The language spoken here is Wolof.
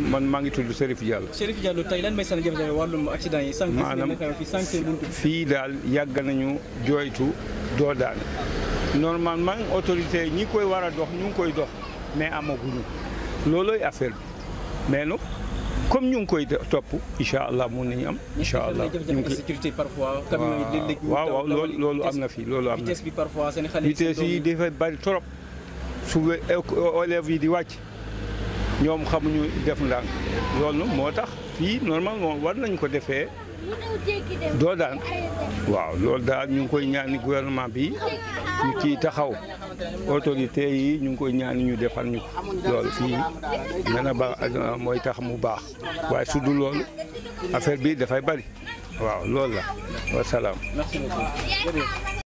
man maa ngi tudd Serif Diallo. Serif Diallo tey lan mooy seen jafe-jafe wàllum accident yi. maanaam fii daal yàgg nañu jooytu doo daan normalement autorité yi ñi koy war a dox ñu ngi koy dox mais amaguñu loolooy affaire mais nag comme ñu ngi koy topp incha allah mun nañu am. incha allah ñu ngi sécurité parfois. waaw waaw loolu loolu am na fii loolu am na vitesse bi parfois seen xale yi. vitesse yi bari trop su élèves yi di wàcc. ñoom xamuñu def ndànk loolu moo tax fii normalement war nañ ko defee doo daan waaw loolu daal ñu ngi koy ñaani gouvernement bi ñu ciy taxaw autorité yi ñu ngi koy ñaani ñu defal ñu ko loolu fii mën a mooy tax mu baax waaye su dul loolu affaire bi dafay bari waaw loolu la wasalaam.